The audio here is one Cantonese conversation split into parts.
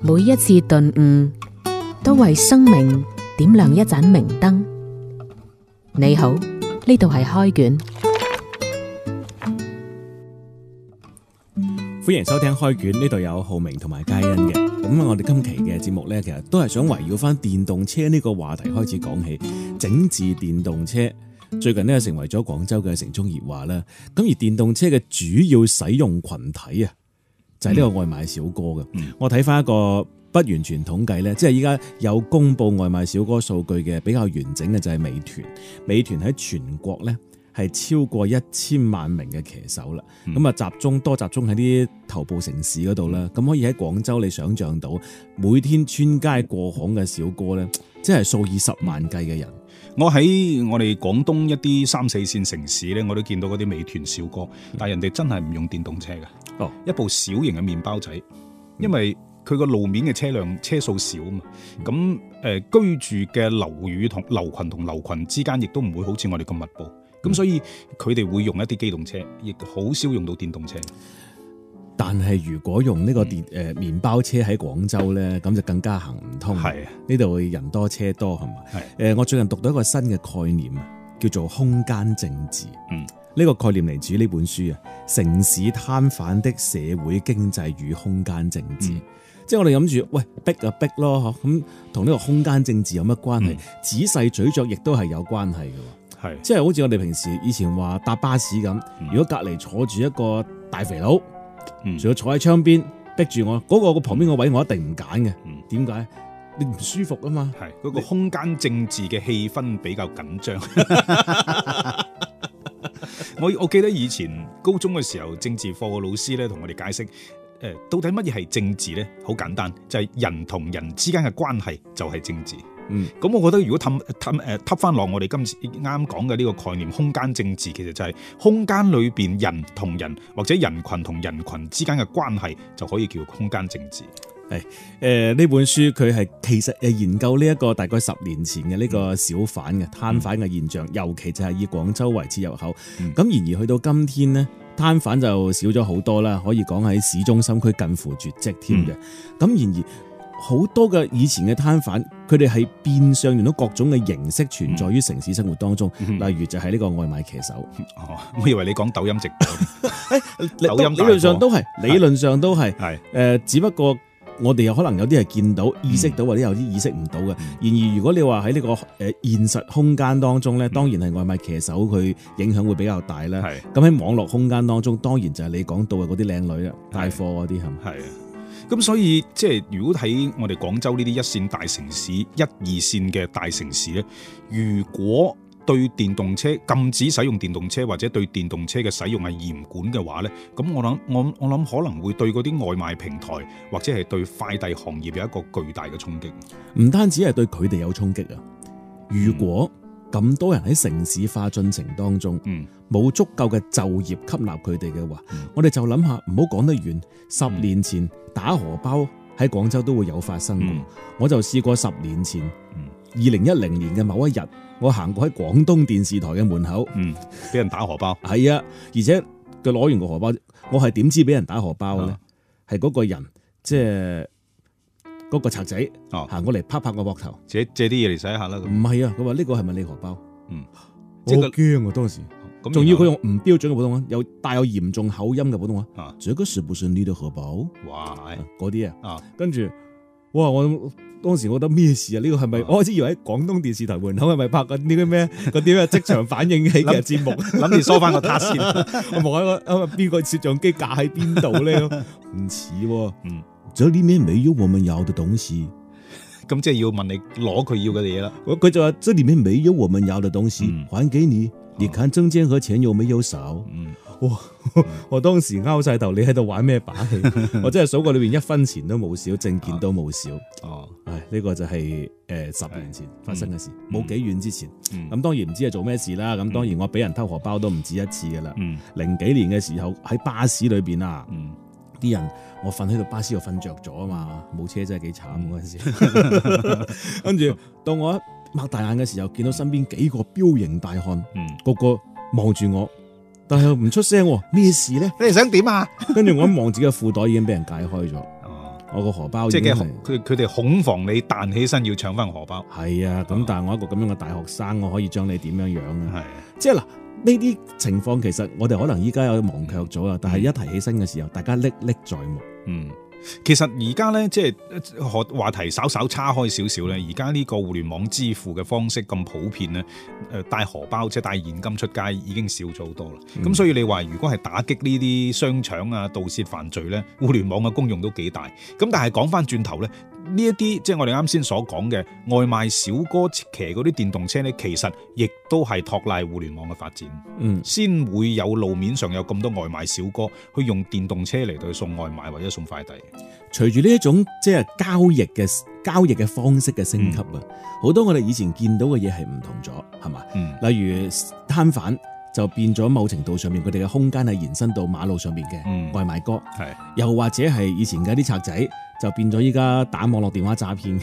每一次頓悟，都為生命點亮一盞明燈。你好，呢度係開卷，歡迎收聽開卷。呢度有浩明同埋佳欣嘅。咁我哋今期嘅節目呢，其實都係想圍繞翻電動車呢個話題開始講起。整治電動車最近呢成為咗廣州嘅城中熱話啦。咁而電動車嘅主要使用群體啊。呢個外賣小哥嘅。我睇翻一個不完全統計呢，即係依家有公布外賣小哥數據嘅比較完整嘅就係美團。美團喺全國呢係超過一千萬名嘅騎手啦。咁啊，集中多集中喺啲頭部城市嗰度啦。咁可以喺廣州你想像到，每天穿街過巷嘅小哥呢，即係數以十萬計嘅人。我喺我哋廣東一啲三四線城市呢，我都見到嗰啲美團小哥，但人哋真係唔用電動車嘅。哦，oh. 一部小型嘅麵包仔，因為佢個路面嘅車輛車數少啊嘛，咁誒、mm hmm. 呃、居住嘅樓宇同樓群同樓群之間亦都唔會好似我哋咁密佈，咁、mm hmm. 所以佢哋會用一啲機動車，亦好少用到電動車。但係如果用呢個電誒麵包車喺廣州咧，咁、mm hmm. 就更加行唔通。係啊的，呢度人多車多係嘛。係誒的、呃，我最近讀到一個新嘅概念啊，叫做空間政治。嗯、mm。Hmm. 呢個概念嚟自呢本書啊，城市攤販的社會經濟與空間政治，嗯、即係我哋諗住，喂，逼就逼咯，咁同呢個空間政治有乜關係？嗯、仔細嘴咀嚼，亦都係有關係嘅，係、嗯，即係好似我哋平時以前話搭巴士咁，嗯、如果隔離坐住一個大肥佬，仲要、嗯、坐喺窗邊逼住我，嗰、那個個旁邊個位置我一定唔揀嘅，點解、嗯？你唔舒服啊嘛，係嗰、那個空間政治嘅氣氛比較緊張。你 我我記得以前高中嘅時候，政治課嘅老師咧，同我哋解釋，呃、到底乜嘢係政治咧？好簡單，就係、是、人同人之間嘅關係就係政治。嗯，咁我覺得如果氹氹翻落我哋今次啱講嘅呢個概念，空間政治其實就係空間裏面人同人或者人群同人群之間嘅關係就可以叫空間政治。誒，誒、哎，呢、呃、本書佢係其實誒研究呢一個大概十年前嘅呢個小販嘅攤販嘅現象，尤其就係以廣州為之入口。咁然、嗯、而，而去到今天呢，攤販就少咗好多啦，可以講喺市中心區近乎絕迹添嘅。咁然、嗯、而好多嘅以前嘅攤販，佢哋係變相用到各種嘅形式存在於城市生活當中，嗯、例如就係呢個外賣騎手、哦。我以為你講抖音直播。誒、 哎，抖音理論上都係，理論上都係。係是。誒、呃，只不過。我哋有可能有啲係見到意識到，或者有啲意識唔到嘅。嗯、然而，如果你話喺呢個誒現實空間當中咧，嗯、當然係外賣騎手佢影響會比較大啦。咁喺是的 網絡空間當中，當然就係你講到嘅嗰啲靚女啊，是的 帶貨嗰啲，係咪？係啊。咁所以即係如果喺我哋廣州呢啲一線大城市、一二線嘅大城市咧，如果，對電動車，禁止使用電動車或者對電動車嘅使用係嚴管嘅話呢，咁我諗我我諗可能會對嗰啲外賣平台或者係對快遞行業有一個巨大嘅衝擊。唔單止係對佢哋有衝擊啊！如果咁多人喺城市化進程當中，嗯，冇足夠嘅就業吸納佢哋嘅話，嗯、我哋就諗下唔好講得遠，十年前打荷包喺廣州都會有發生過，嗯、我就試過十年前。嗯二零一零年嘅某一日，我行過喺廣東電視台嘅門口，嗯，俾人打荷包，係啊，而且佢攞完個荷包，我係點知俾人打荷包嘅咧？係嗰個人，即係嗰個賊仔行過嚟，拍拍我膊頭，借借啲嘢嚟使下啦。唔係啊，佢話呢個係咪你荷包？嗯，我好驚啊當時，仲要佢用唔標準嘅普通話，有帶有嚴重口音嘅普通話。這個是不是你的荷包？哇，嗰啲啊，跟住。哇！我當時覺得咩事啊？呢、這個係咪、嗯、我開始以為喺廣東電視台門口係咪拍緊呢啲咩嗰啲咩即場反應型嘅節目？諗住梳翻個塔先 我望下個邊個攝像機架喺邊度咧？唔似喎。嗯，這裡面沒有我們要嘅東西，咁即係要問你攞佢要嘅嘢啦。佢、嗯、就話：這裡面沒有我們要嘅東西，嗯、還給你。嗯、你看證件和錢有沒有少？嗯。哇、哦！我當時拗晒頭，你喺度玩咩把戲？ 我真係數過裏面一分錢都冇少，證件都冇少。哦、啊，唉、啊，呢、哎這個就係、是呃、十年前發生嘅事，冇幾、嗯、遠之前。咁、嗯、當然唔知係做咩事啦。咁當然我俾人偷荷包都唔止一次噶啦。嗯、零幾年嘅時候喺巴士裏面啊，啲、嗯、人我瞓喺度巴士度瞓著咗啊嘛，冇車真係幾慘嗰陣時。跟住、嗯、 到我擘大眼嘅時候，見到身邊幾個彪形大漢，嗯，個個望住我。但係唔出聲，咩事咧？你哋想點啊？跟 住我一望，自己嘅褲袋已經俾人解開咗，哦、我個荷包已經佢佢哋，恐防你彈起身要搶翻荷包。係啊，咁但係我一個咁樣嘅大學生，我可以將你點樣樣啊？係、啊，即係嗱，呢啲情況其實我哋可能依家有啲忘卻咗啦，但係一提起身嘅時候，大家歷歷在目。嗯。其實而家咧，即係學話題稍稍岔開少少咧。而家呢個互聯網支付嘅方式咁普遍咧，誒，帶荷包即係帶現金出街已經少咗好多啦。咁、嗯、所以你話如果係打擊呢啲商場啊、盜竊犯罪咧，互聯網嘅功用都幾大。咁但係講翻轉頭咧。呢一啲即係我哋啱先所講嘅外賣小哥騎嗰啲電動車呢，其實亦都係托賴互聯網嘅發展，嗯，先會有路面上有咁多外賣小哥去用電動車嚟到去送外賣或者送快遞。隨住呢一種即係交易嘅交易嘅方式嘅升級啊，好、嗯、多我哋以前見到嘅嘢係唔同咗，係嘛？嗯、例如攤販。就變咗某程度上面，佢哋嘅空間係延伸到馬路上面嘅外賣哥，又或者係以前嘅啲賊仔，就變咗依家打網絡電話詐騙，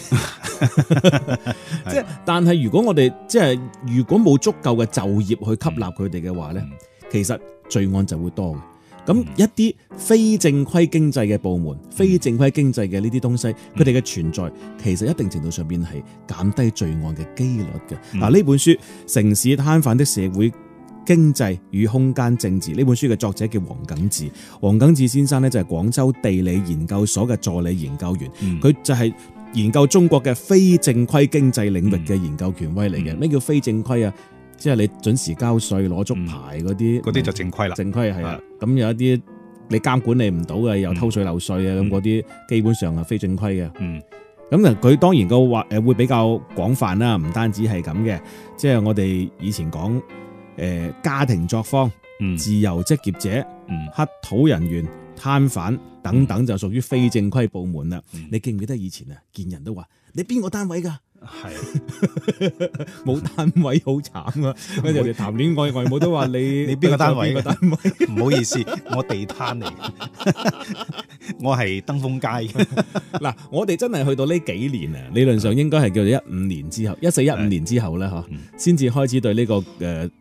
即但係如果我哋即係如果冇足夠嘅就業去吸納佢哋嘅話咧，其實罪案就會多。咁一啲非正規經濟嘅部門、非正規經濟嘅呢啲東西，佢哋嘅存在其實一定程度上面係減低罪案嘅幾率嘅嗱。呢本書《城市攤販的社會》。經濟與空間政治呢本書嘅作者叫黃耿志，黃耿志先生呢，就係廣州地理研究所嘅助理研究員，佢、嗯、就係研究中國嘅非正規經濟領域嘅研究權威嚟嘅。咩、嗯、叫非正規啊？即、就、係、是、你準時交稅攞足牌嗰啲，嗰啲、嗯、些就正規啦。正規係啦，咁、啊啊、有一啲你監管你唔到嘅，又偷稅漏稅啊，咁嗰啲基本上係非正規嘅。嗯，咁啊，佢當然個話誒會比較廣泛啦，唔單止係咁嘅，即、就、係、是、我哋以前講。誒、呃、家庭作坊、嗯、自由職業者、嗯、乞討人員、攤販等等，就屬於非正規部門啦。嗯、你記唔記得以前啊，見人都話，你邊個單位㗎？係冇是 單位好慘啊！我哋談戀愛外母都話你 你邊個單位？唔 好意思，我地攤嚟， 我係登峰街嘅。嗱 我哋真係去到呢幾年啊，理論上應該係叫做一五年之後，一四一五年之後咧，嗬，先至開始對呢個誒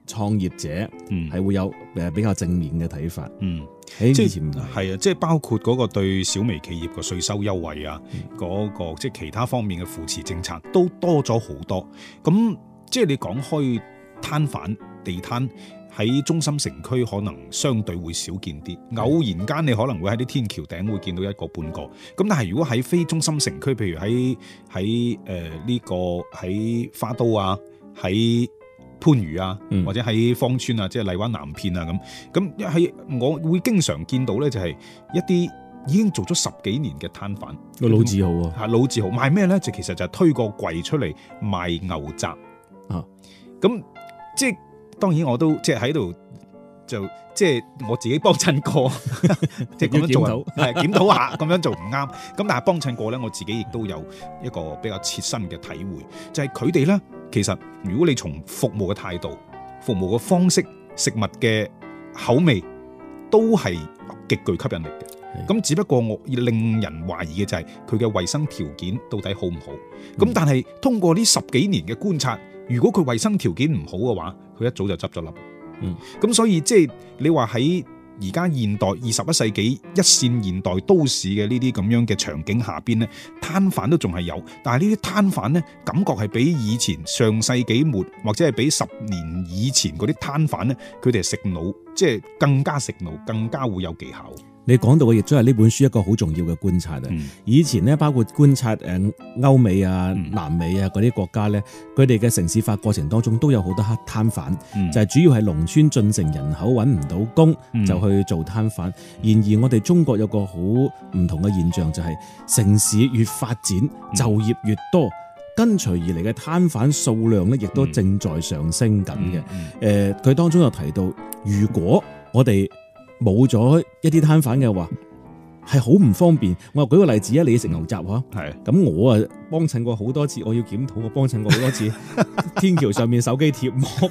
創業者係會有誒比較正面嘅睇法。 嗯。即係係啊，即係包括嗰個對小微企業個稅收優惠啊，嗰、嗯、個即係其他方面嘅扶持政策都多咗好多。咁即係你講開攤販地攤喺中心城區可能相對會少見啲，偶然間你可能會喺啲天橋頂會見到一個半個。咁但係如果喺非中心城區，譬如喺喺誒呢個喺花都啊，喺。番禺啊，或者喺芳村啊，即係荔灣南片啊咁，咁係我會經常見到咧，就係一啲已經做咗十幾年嘅攤販個老字號啊，係老字號賣咩咧？就其實就是推個櫃出嚟賣牛雜啊，咁即係當然我都即係喺度就即係我自己幫襯過，即係咁樣做啊， 檢到下咁樣做唔啱，咁 但係幫襯過咧，我自己亦都有一個比較切身嘅體會，就係佢哋咧。其實，如果你從服務嘅態度、服務嘅方式、食物嘅口味，都係極具吸引力嘅。咁是的只不過我令人懷疑嘅就係佢嘅衛生條件到底好唔好？咁、嗯、但係通過呢十幾年嘅觀察，如果佢衛生條件唔好嘅話，佢一早就執咗笠。嗯，咁所以即係你話喺。而家現代二十一世紀一線現代都市嘅呢啲咁樣嘅場景下邊呢，攤販都仲係有，但係呢啲攤販呢，感覺係比以前上世紀末，或者係比十年以前嗰啲攤販呢，佢哋係食腦，即係更加食腦，更加會有技巧。你講到嘅亦都係呢本書一個好重要嘅觀察啦。以前咧，包括觀察誒歐美啊、南美啊嗰啲國家呢，佢哋嘅城市化過程當中都有好多黑攤販，就係主要係農村進城人口揾唔到工，就去做攤販。然而，我哋中國有個好唔同嘅現象，就係城市越發展，就業越多，跟隨而嚟嘅攤販數量呢亦都正在上升緊嘅。誒，佢當中有提到，如果我哋冇咗一啲攤販嘅話係好唔方便，我又舉個例子啊，你食牛雜嚇，咁的我啊幫襯過好多次，我要檢討我幫襯過好多次， 天橋上面手機貼膜，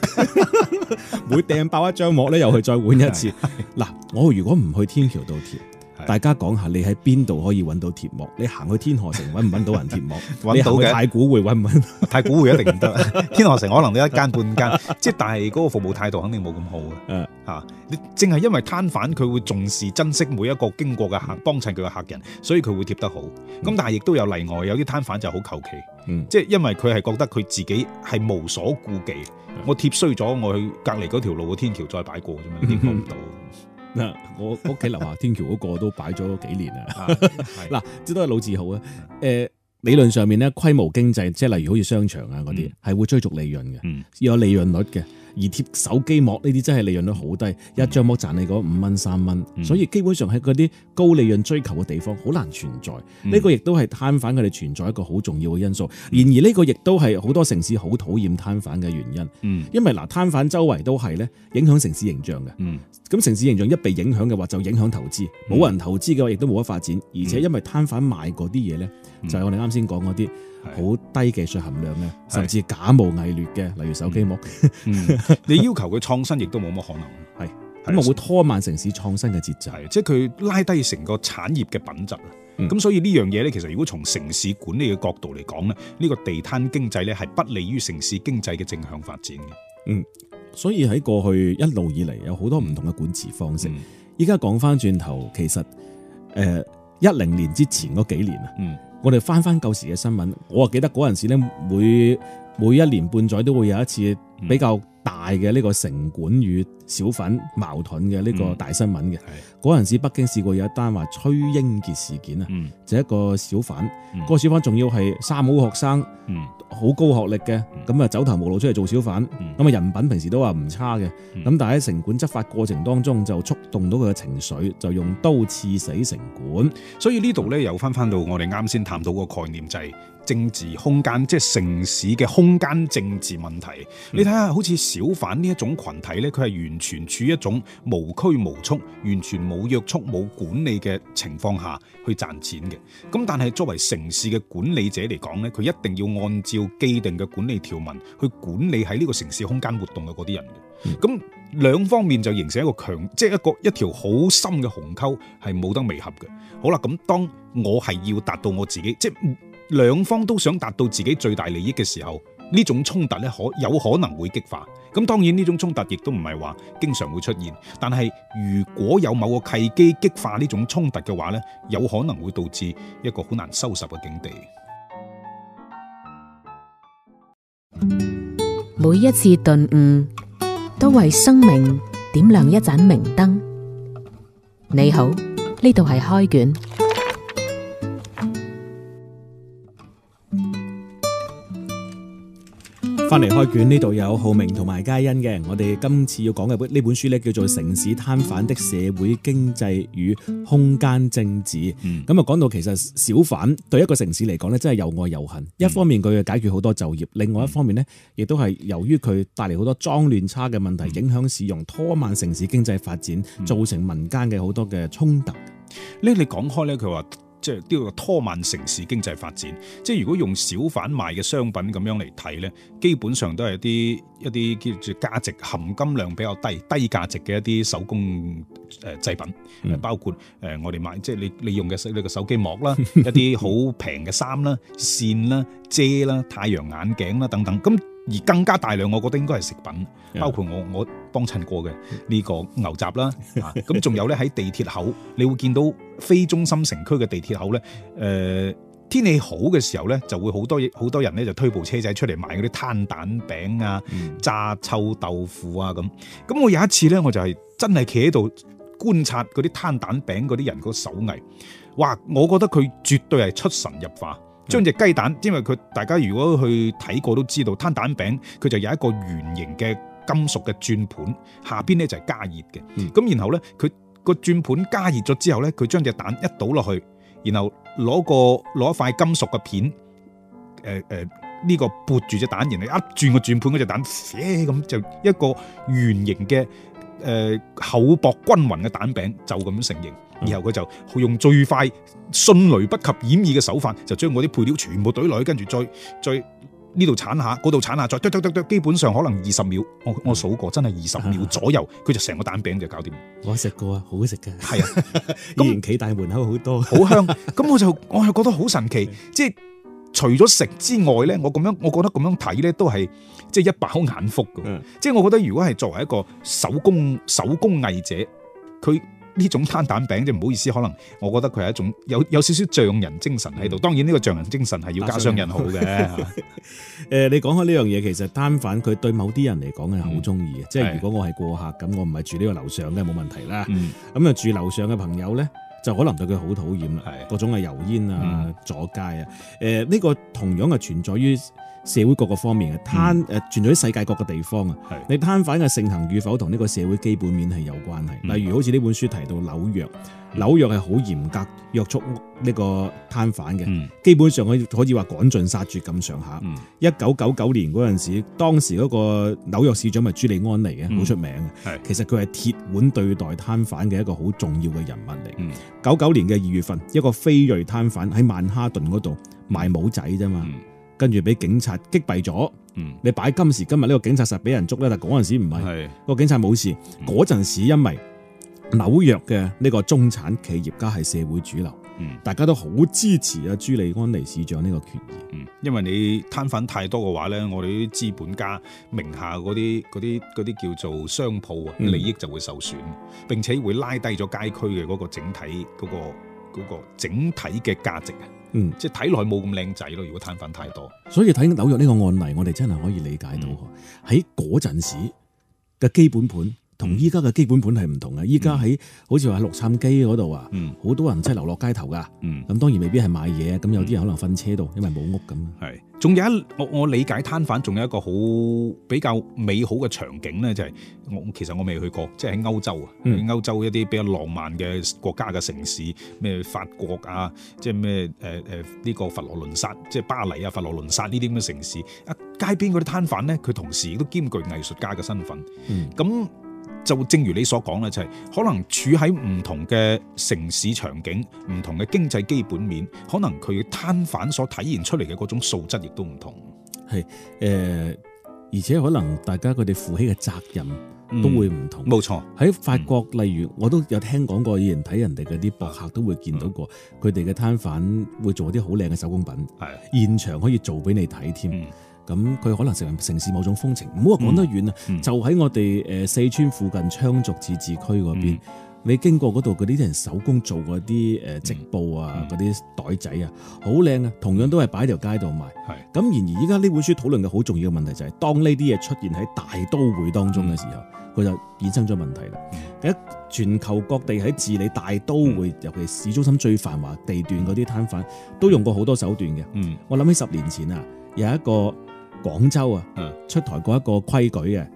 每掟爆一張膜咧，又去再換一次，嗱的我如果唔去天橋度貼。大家講下你在哪裡，你喺邊度可以揾到貼膜？你行去天河城揾唔揾到人貼膜？揾 到嘅的。太古匯揾唔揾？太古匯一定唔得。 天河城可能有一間半間，即係 但係嗰個服務態度肯定冇咁好嘅。嗯、 啊。你正係因為攤販佢會重視珍惜每一個經過嘅客，幫襯佢嘅客人，所以佢會貼得好。咁、嗯、但係亦都有例外，有啲攤販就好求其。即係、嗯、因為佢係覺得佢自己係無所顧忌，嗯、我貼衰咗，我去隔離嗰條路嘅天橋再擺過啫嘛，你貼唔到。嗯嗱， 我屋企樓下天橋嗰個都擺咗幾年啦。 嗱，即 都係老字號啊。誒、呃，理論上面咧，規模經濟，即係例如好似商場啊嗰啲，係、嗯、會追逐利潤嘅，嗯、要有利潤率嘅。而貼手機膜呢啲真係利潤率好低，嗯、一張膜賺你嗰五蚊三蚊，嗯、所以基本上喺嗰啲高利潤追求嘅地方好難存在。呢、嗯、個亦都係攤販佢哋存在一個好重要嘅因素。嗯、然而呢個亦都係好多城市好討厭攤販嘅原因。嗯、因為嗱，攤、呃、販周圍都係咧，影響城市形象嘅。咁、嗯、城市形象一被影響嘅話，就影響投資，冇、嗯、人投資嘅話，亦都冇得發展。而且因為攤販賣嗰啲嘢呢，嗯、就係我哋啱先講嗰啲。好低技術含量嘅，甚至假冒偽劣嘅，例如手機膜。你要求佢創新，亦都冇乜可能。係咁，會拖慢城市創新嘅節奏，即係佢拉低成個產業嘅品質。咁所以呢樣嘢咧，其實如果從城市管理嘅角度嚟講咧，呢個地攤經濟咧係不利於城市經濟嘅正向發展嘅。嗯，所以喺過去一路以嚟有好多唔同嘅管治方式。依家講翻轉頭，其實誒一零年之前嗰幾年啊。我哋翻翻舊時嘅新聞，我啊記得嗰陣時咧，每每一年半載都會有一次比較，嗯大嘅呢個城管與小販矛盾嘅呢個大新聞嘅，嗰陣時北京試過有一單話崔英傑事件啊，就一個小販，個小販仲要係三好學生，好高學歷嘅，咁啊走投無路出嚟做小販，咁啊人品平時都話唔差嘅，咁但係喺城管執法過程當中就觸動到佢嘅情緒，就用刀刺死城管，所以呢度咧又翻翻到我哋啱先探到個概念就係。政治空間即係城市嘅空間政治問題。嗯、你睇下，好似小販呢一種群體呢，佢係完全處於一種無拘無束、完全冇約束、冇管理嘅情況下去賺錢嘅。咁但係作為城市嘅管理者嚟講呢，佢一定要按照既定嘅管理條文去管理喺呢個城市空間活動嘅嗰啲人嘅。咁、嗯、兩方面就形成一個強，即、就、係、是、一個一條好深嘅鴻溝，係冇得彌合嘅。好啦，咁當我係要達到我自己即兩方都想達到自己最大利益嘅時候，呢種衝突呢，可有可能會激化。咁當然呢種衝突亦都唔係話經常會出現，但係如果有某個契機激化呢種衝突嘅話呢，有可能會導致一個好難收拾嘅境地。每一次頓悟都為生命點亮一盞明燈。你好，呢度係開卷。翻嚟開卷呢度有浩明同埋嘉欣嘅，我哋今次要講嘅本呢本書呢叫做《城市攤販的社會經濟與空間政治》。咁啊講到其實小販對一個城市嚟講呢真係又愛又恨。一方面佢解決好多就業，嗯、另外一方面呢亦都係由於佢帶嚟好多髒亂差嘅問題，嗯、影響市容，拖慢城市經濟發展，造成民間嘅好多嘅衝突。呢你講開呢，佢話。即係呢個拖慢城市經濟發展。即係如果用小販賣嘅商品咁樣嚟睇咧，基本上都係一啲一啲叫做價值含金量比較低、低價值嘅一啲手工誒、呃、製品，嗯、包括誒、呃、我哋買即係你你用嘅你嘅手機膜啦，一啲好平嘅衫啦、 線啦、遮啦、太陽眼鏡啦等等。咁而更加大量，我覺得應該係食品，包括我我幫襯過嘅呢個牛雜啦，咁仲、 啊、有咧喺地鐵口，你會見到非中心城區嘅地鐵口咧，誒、呃、天氣好嘅時候咧，就會好多好多人咧就推部車仔出嚟賣嗰啲攤蛋餅啊、嗯、炸臭豆腐啊咁。咁我有一次咧，我就係真係企喺度觀察嗰啲攤蛋餅嗰啲人個手藝，哇！我覺得佢絕對係出神入化，嗯、將隻雞蛋，因為佢大家如果去睇過都知道攤蛋餅佢就有一個圓形嘅。金屬嘅、嗯這個、轉盤下邊咧就係加熱嘅、咁然後咧佢個轉盤加熱咗之後咧，佢將隻蛋一倒落去，然後攞個攞一塊金屬嘅片，誒誒呢個撥住隻蛋，然後一轉個轉盤，嗰隻蛋咁就一個圓形嘅誒、呃、厚薄均勻嘅蛋餅就咁樣成形，然後佢就用最快迅雷不及掩耳嘅手法，就將嗰啲配料全部懟落去，跟住再再。再呢度鏟下，嗰度鏟下，再剁剁剁剁，基本上可能二十秒，我我數過真係二十秒左右，佢、啊、就成個蛋餅就搞掂。我食過好吃的係啊，好食嘅。係啊，以前企大門口好多，好 香。咁我就我係覺得好神奇，的即係除咗食之外咧，我咁樣我覺得咁樣睇咧都係即係一飽眼福嘅。的即係我覺得如果係作為一個手工手工藝者，佢。呢種攤蛋餅啫，唔好意思，可能我覺得佢係一種有有少少匠人精神喺度。當然呢個匠人精神係要加雙引號嘅。誒，你講開呢樣嘢，其實單反佢對某啲人嚟講咧係好中意嘅。嗯、即係如果我係過客咁，我唔係住呢個樓上嘅冇問題啦。咁啊、嗯、住樓上嘅朋友咧，就可能對佢好討厭啦。係，各種啊油煙啊阻街、嗯、啊。誒，呢個同樣啊存在於。社會各個方面嘅攤，誒存在世界各個地方啊，你攤販嘅盛行與否同呢個社會基本面係有關係。例如好似呢本書提到紐約，紐約係好嚴格約束呢個攤販嘅，基本上可以可以話趕盡殺絕咁上下。一九九九年嗰陣時，當時嗰個紐約市長咪朱利安尼嘅，好出名嘅。其實佢係鐵腕對待攤販嘅一個好重要嘅人物嚟。九九年嘅二月份，一個非裔攤販喺曼哈頓嗰度賣帽仔啫嘛。跟住俾警察擊斃咗。嗯、你擺今時今日呢個警察實俾人捉咧，但係嗰陣時唔係，是個警察冇事。嗰陣、嗯、時因為紐約嘅呢個中產企業家係社會主流，嗯、大家都好支持啊朱利安尼市長呢個權益、嗯。因為你攤販太多嘅話咧，我哋啲資本家名下嗰啲啲啲叫做商鋪啊，利益就會受損，嗯、並且會拉低咗街區嘅嗰個整體嗰、嗰個嗰個整體嘅價值啊，嗯，即睇落去冇咁靚仔咯，如果攤粉太多，所以睇紐約呢個案例，我哋真係可以理解到喎，喺嗰陣時嘅基本盤。同依家嘅基本本係唔同嘅，依家喺好似話喺洛杉磯嗰度啊，好、嗯、多人真係流落街頭㗎。咁、嗯、當然未必係買嘢，咁有啲人可能瞓車度，嗯、因為冇屋咁啊。係、仲有一我我理解攤販仲有一個好比較美好嘅場景咧，就係、是、我其實我未去過，即係喺歐洲啊，嗯、歐洲一啲比較浪漫嘅國家嘅城市，咩法國啊，即係咩誒誒呢個佛羅倫薩，即、就、係、是、巴黎啊，佛羅倫薩呢啲咁嘅城市啊，街邊嗰啲攤販呢，佢同時都兼具藝術家嘅身份，咁、嗯。就正如你所講咧，就係、是、可能處喺唔同嘅城市場景、唔同嘅經濟基本面，可能佢嘅攤販所體現出嚟嘅嗰種素質亦都唔同。係誒、呃，而且可能大家佢哋負起嘅責任、嗯、都會唔同。冇錯，喺法國，嗯、例如我都有聽講過，以前睇人哋嗰啲博客都會見到過，佢哋嘅攤販會做啲好靚嘅手工品，係的現場可以做俾你睇添。嗯咁佢可能成為城市某種風情，唔好話講得遠啊，嗯嗯、就喺我哋四川附近羌族自治區嗰邊，嗯、你經過嗰度嗰啲啲人手工做嗰啲織布啊，嗰啲、嗯、袋仔啊，好靚啊，同樣都係擺條街度賣。咁是，然而依家呢本書討論嘅好重要嘅問題就係、是，當呢啲嘢出現喺大都會當中嘅時候，佢、嗯、就衍生咗問題啦。喺、嗯、全球各地喺治理大都會，嗯、尤其是市中心最繁華地段嗰啲攤販，都用過好多手段嘅。嗯、我諗起十年前啊，有一個，廣州啊，出台過一個規矩嘅，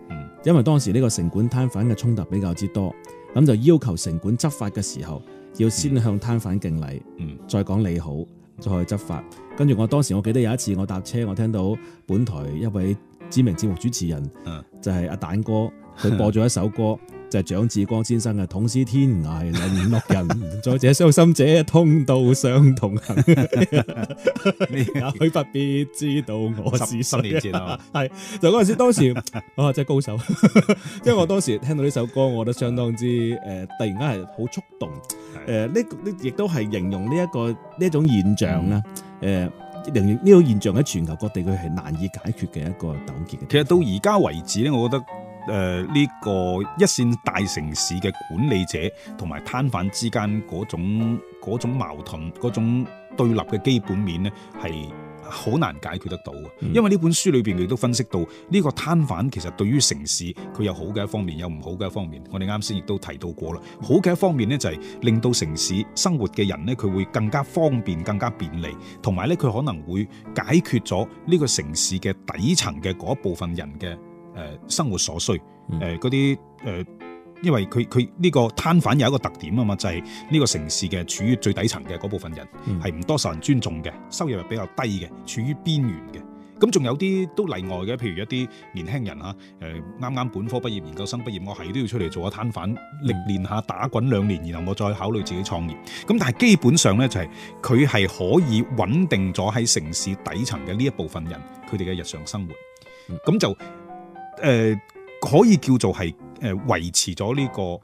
因為當時呢個城管攤販嘅衝突比較之多，咁就要求城管執法嘅時候，要先向攤販敬禮，再講你好，再去執法。跟住我當時，我記得有一次我搭車，我聽到本台一位知名節目主持人，就係阿蛋哥，佢播咗一首歌。就係蔣志光先生嘅《同是天涯淪落人》， 再者傷心者通道上同行， 你也許不必知道我是誰。係就嗰陣時，當時 啊，真、就、係、是、高手，因為我當時聽到呢首歌，我覺得相當之誒、呃，突然間係好觸動。誒的，呢呢亦都係形容呢、這、一個呢一種現象啦。誒、嗯，形、呃、呢種現象喺全球各地佢係難以解決嘅一個糾結。其實到而家為止咧，我覺得。誒呢個一線大城市嘅管理者同埋攤販之間嗰種嗰種矛盾嗰種對立嘅基本面呢，係好難解決得到嘅。嗯、因為呢本書裏面，佢都分析到，呢個攤販其實對於城市佢有好嘅一方面，有唔好嘅一方面。我哋啱先亦都提到過啦，好嘅一方面呢，就係令到城市生活嘅人呢，佢會更加方便、更加便利，同埋呢，佢可能會解決咗呢個城市嘅底層嘅嗰一部分人嘅。誒、呃、生活所需，誒嗰啲誒，因為佢佢呢個攤販有一個特點啊嘛，就係、是、呢個城市嘅處於最底層嘅嗰部分人，係唔、嗯、多受人尊重嘅，收入係比較低嘅，處於邊緣嘅。咁仲有啲都例外嘅，譬如一啲年輕人啊，誒啱啱本科畢業、研究生畢業，我係都要出嚟做攤販歷練一下攤販，練練下打滾兩年，然後我再考慮自己創業。咁但係基本上咧，就係佢係可以穩定咗喺城市底層嘅呢一部分人，佢哋嘅日常生活，咁、嗯、就。誒、呃、可以叫做係誒維持咗呢個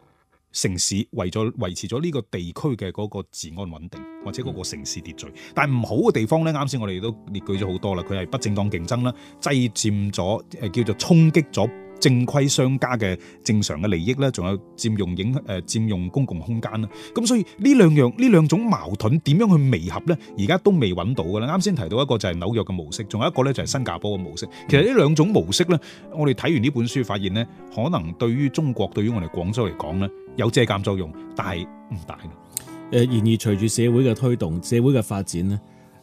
城市，維咗維持咗呢個地區嘅嗰個治安穩定，或者嗰個城市秩序。嗯、但係唔好嘅地方咧，啱先我哋都列舉咗好多啦。佢係不正當競爭啦，擠佔咗誒叫做衝擊咗。正規商家嘅正常嘅利益咧，仲有佔用影誒、呃、佔用公共空間啦。咁所以呢兩樣呢兩種矛盾點樣去彌合咧？而家都未揾到㗎喇。啱先提到一個就係紐約嘅模式，仲有一個咧就係新加坡嘅模式。其實呢兩種模式咧，我哋睇完呢本書發現咧，可能對於中國對於我哋廣州嚟講咧，有借鑑作用，但係唔大。誒、呃，然而隨住社會嘅推動，社會嘅發展咧。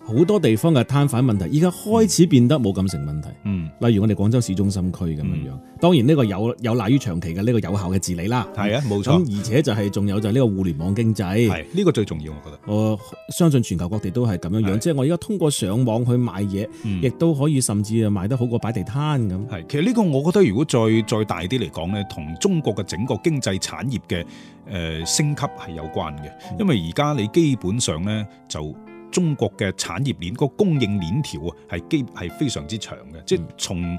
好多地方嘅攤販問題，而家開始變得冇咁成問題。嗯，例如我哋廣州市中心區咁樣樣。嗯、當然呢個有有賴於長期嘅呢、呢個有效嘅治理啦。係啊，冇錯。咁、嗯、而且就係、係、仲有就係呢個互聯網經濟。係，呢、呢個最重要，我覺得。我相信全球各地都係咁樣樣，即係係我而家通過上網去買嘢，亦都、嗯、可以甚至係買得好過擺地攤咁。係，其實呢個我覺得如果再再大啲嚟講咧，同中國嘅整個經濟產業嘅誒、呃、升級係有關嘅，因為而家你基本上咧就。中國嘅產業鏈，個供應鏈條啊，係基係非常之長嘅，即係從誒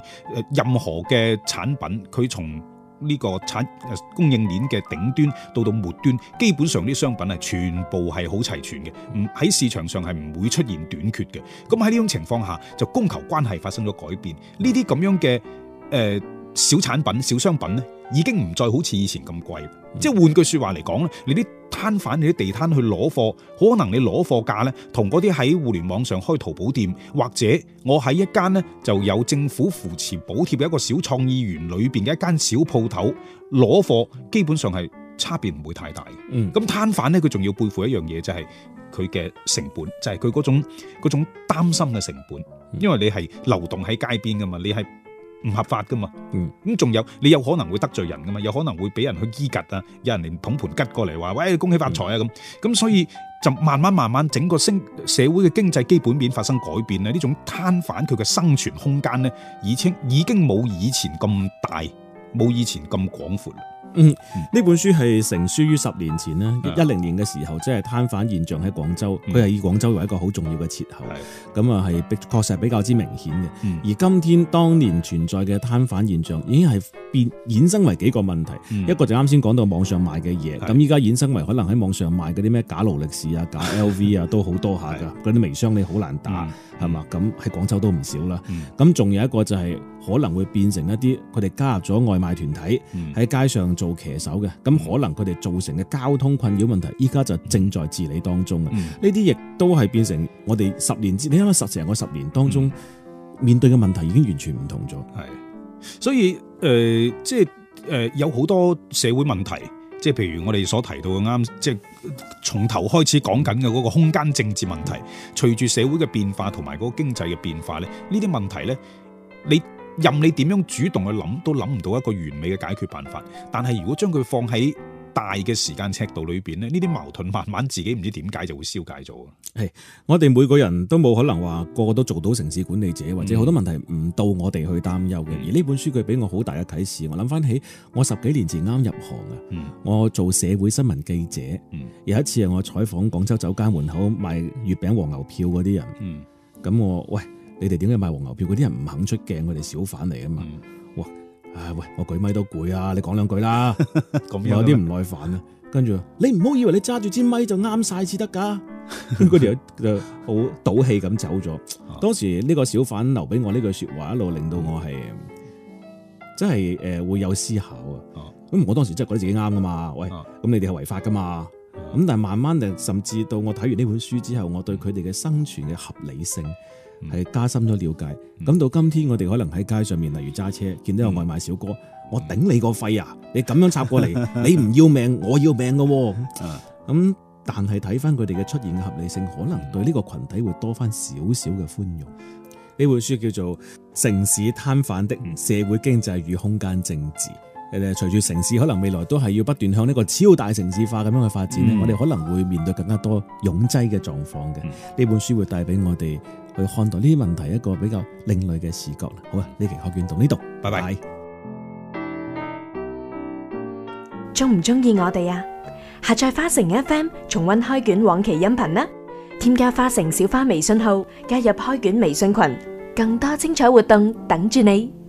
任何嘅產品，佢從呢個產、呃、供應鏈嘅頂端到到末端，基本上啲商品係全部係好齊全嘅，唔喺市場上係唔會出現短缺嘅。咁喺呢種情況下，就供求關係發生咗改變。呢啲咁樣嘅誒。呃小產品、小商品咧，已經唔再好似以前咁貴。即係、嗯、換句説話嚟講咧，你啲攤販、你啲地攤去攞貨，可能你攞貨價咧，同嗰啲喺互聯網上開淘寶店，或者我喺一間咧就有政府扶持補貼嘅一個小創意園裏邊嘅一間小鋪頭攞貨，基本上係差別唔會太大嘅。嗯，咁攤販呢，佢仲要背負一樣嘢，就係佢嘅成本，就係佢嗰種嗰種擔心嘅成本，因為你係流動喺街邊噶嘛，你係。唔合法㗎嘛，咁仲、嗯、有你有可能會得罪人㗎嘛，有可能會俾人去欺吉啊，有人嚟捧盆桔過嚟話，喂，恭喜發財啊咁，咁、嗯、所以就慢慢慢慢整個成社會嘅經濟基本面發生改變咧，呢種攤販佢嘅生存空間咧，已清已經冇以前咁大，冇以前咁廣闊。嗯，呢本書係成書於十年前呢一零年嘅時候，即係攤販現象喺廣州，佢係以廣州為一個好重要嘅切口，咁啊係確實係比較之明顯嘅。而今天當年存在嘅攤販現象，已經係變衍生為幾個問題。一個就啱先講到網上賣嘅嘢，咁依家衍生為可能喺網上賣嗰啲咩假勞力士啊、假 LV 啊都好多下噶，嗰啲微商你好難打係嘛？咁喺廣州都唔少啦。咁仲有一個就係可能會變成一啲佢哋加入咗外賣團體喺街上。做騎手嘅，咁可能佢哋造成嘅交通困擾問題，依家就正在治理當中啊！呢啲亦都係變成我哋十年之，你諗下，十成個十年當中、嗯、面對嘅問題已經完全唔同咗。係，所以誒、呃，即係誒、呃，有好多社會問題，即係譬如我哋所提到嘅啱，即係從頭開始講緊嘅嗰個空間政治問題，嗯、隨住社會嘅變化同埋嗰個經濟嘅變化咧，呢啲問題咧，你。任你點樣主動去諗，都諗唔到一個完美嘅解決辦法。但係如果將佢放喺大嘅時間尺度裏邊咧，呢啲矛盾慢慢自己唔知點解就會消解咗。係、hey, 我哋每個人都冇可能話個個都做到城市管理者，或者好多問題唔到我哋去擔憂嘅。Mm hmm. 而呢本書佢俾我好大嘅啟示。我諗翻起我十幾年前啱入行啊，mm hmm. 我做社會新聞記者，mm hmm. 有一次我採訪廣州酒家門口賣月餅黃牛票嗰啲人，咁、mm hmm. 我喂。你哋點解賣黃牛票？嗰啲人唔肯出鏡，佢哋小販嚟啊嘛。嗯、哇！啊喂，我舉咪都攰啊，你講兩句啦。又 這樣 有啲唔耐煩啊。跟住 你唔好以為你揸住支咪就啱晒至得㗎。佢哋 就好賭氣咁走咗。啊、當時呢個小販留俾我呢句説話，一路令到我係、嗯、真係誒、呃、會有思考啊。咁我當時真係覺得自己啱㗎嘛。喂，咁、啊、你哋係違法㗎嘛？咁、啊、但係慢慢誒，甚至到我睇完呢本書之後，我對佢哋嘅生存嘅合理性，係加深咗了解，咁、嗯、到今天，我哋可能喺街上面，例如揸車見到有外賣小哥，嗯、我頂你個肺啊！你咁樣插過嚟， 你唔要命，我要命噶，咁、哦啊、但係睇翻佢哋嘅出現合理性，嗯、可能對呢個群體會多翻少少嘅寬容。呢、嗯、本書叫做《城市攤販的社會經濟與空間政治》。誒、嗯，隨住城市可能未來都係要不斷向呢個超大城市化咁樣去發展、嗯、我哋可能會面對更加多擁擠嘅狀況嘅。呢、嗯、本書會帶俾我哋去看待呢啲問題一個比較另類嘅視角啦。好啊，呢期開卷到呢度，拜拜。鍾唔鍾意我哋啊？下載花城 FM 重温開卷往期音頻啦，添加花城小花微信號加入開卷微信群，更多精彩活動等住你。